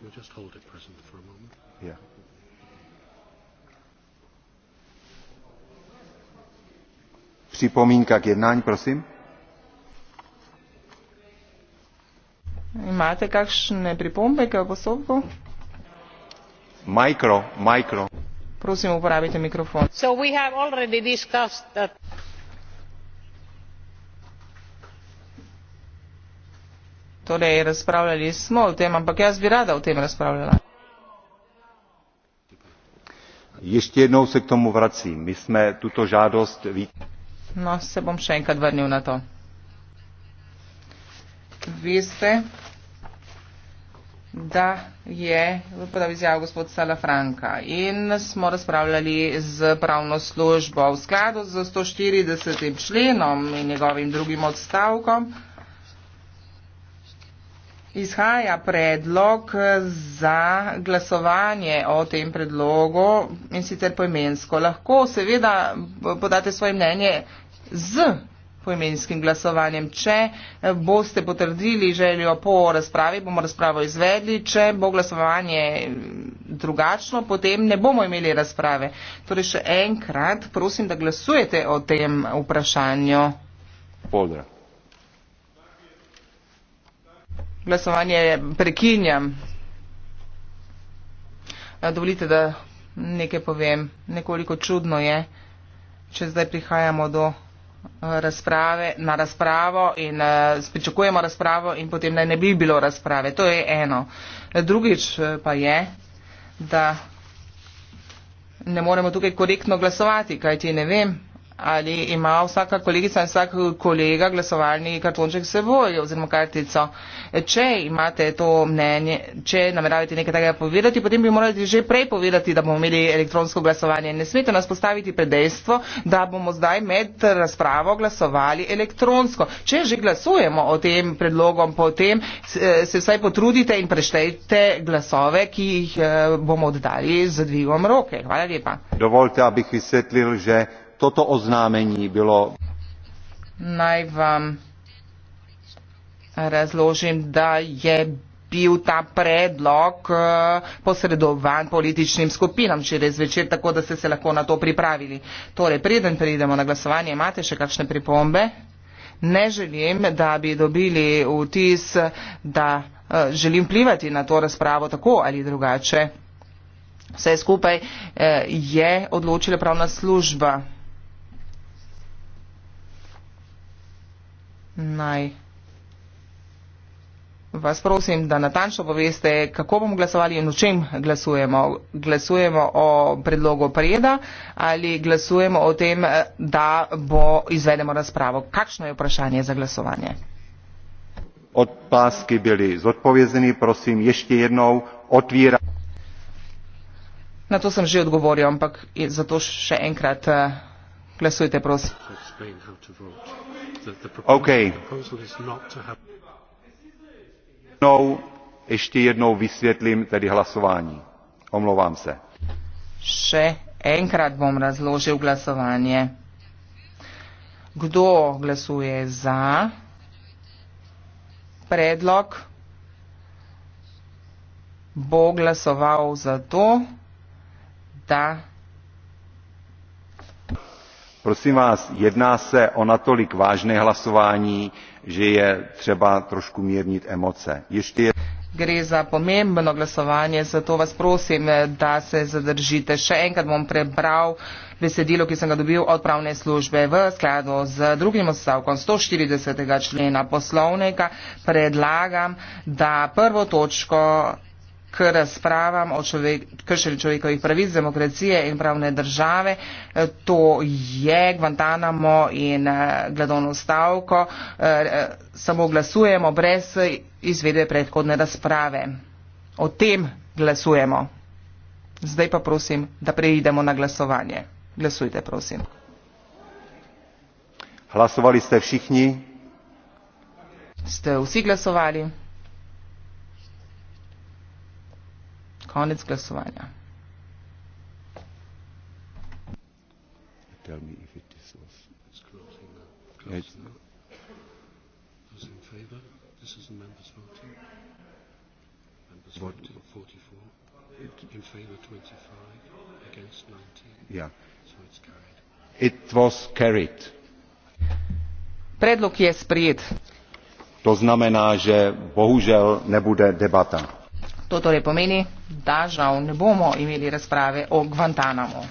We'll just hold it present for a moment. Yeah. Připomínka k jednání, prosím. Máte kakšné pripombe k postupku? Mikro, mikro. Prosím, uporabite mikrofon. So we have already discussed that. Torej, razpravljali smo o tem, ampak jaz bi rada o tem razpravljala. Ještě jednou se k tomu vracím. My jsme tuto žádost ví... No, se bom še enkrat vrnil na to. Vy jste, da je v podavi izjavo gospod Sala Franka in smo razpravljali z pravno službo v skladu z 140. členom in njegovim drugim odstavkom, Izhaja predlog za glasovanje o tem predlogu in sicer poimensko. Lahko seveda podate svoje mnenje z poimenskim glasovanjem. Če boste potrdili željo po razpravi, bomo razpravo izvedli. Če bo glasovanje drugačno, potem ne bomo imeli razprave. Torej še enkrat prosim, da glasujete o tem vprašanju. Podra. glasovanje prekinjam. Dovolite, da nekaj povem. Nekoliko čudno je, če zdaj prihajamo do razprave, na razpravo in pričakujemo razpravo in potem naj ne bi bilo razprave. To je eno. Drugič pa je, da ne moremo tukaj korektno glasovati, kajti ne vem, ali ima vsaka kolegica in vsak kolega glasovalni kartonček s seboj oziroma kartico. Če imate to mnenje, če nameravate nekaj takega povedati, potem bi morali že prej povedati, da bomo imeli elektronsko glasovanje. Ne smete nas postaviti pred dejstvo, da bomo zdaj med razpravo glasovali elektronsko. Če že glasujemo o tem predlogom, potem se vsaj potrudite in preštejte glasove, ki jih eh, bomo oddali z dvigom roke. Hvala lepa. Dovolite, abih izsvetlil, že toto oznámení bilo. Naj vam razložim, da je bil ta predlog eh, posredovan političnim skupinam včeraj zvečer, tako da ste se lahko na to pripravili. Torej, preden pridemo na glasovanje, imate še kakšne pripombe? Ne želim, da bi dobili vtis, da eh, želim plivati na to razpravo tako ali drugače. Vse skupaj eh, je odločila pravna služba. naj vas prosim, da natančno poveste, kako bomo glasovali in o čem glasujemo. Glasujemo o predlogu prijeda ali glasujemo o tem, eh, da bo izvedemo razpravo. Kakšno je vprašanje za glasovanje? Odpaski bili zodpovezani, prosim, ešte jednou otvíram. Na to sem že odgovoril, ampak zato še enkrat eh, Glasujte, prosim. OK. Jednou, no, ještě jednou vysvětlím tedy hlasování. Omlouvám se. Še enkrat bom razložil glasovanje. Kdo glasuje za predlog, bo glasoval za to, da prosím vás jedná se o natolik vážné hlasování že je třeba trošku mírnit emoce. gre za pomembno glasovanje zato vas prosim da se zadržite še enkrat bom prebral besedilo ki sem ga dobil od pravne službe v skladu z drugim odstavkom sto štirideset člena poslovnika predlagam da prvo točko k razpravam o kršenju človekovih pravic, demokracije in pravne države. E, to je Guantanamo in e, gladovno stavko. E, samo glasujemo brez izvedbe predhodne razprave. O tem glasujemo. Zdaj pa prosim, da preidemo na glasovanje. Glasujte, prosim. Hlasovali ste všichni? Ste vsi glasovali? Konec glasovanja. Tell me if it is Predlog je sprejet. To znamená, že bohužel nebude debata. To torej pomeni, da žal ne bomo imeli razprave o Guantanamo.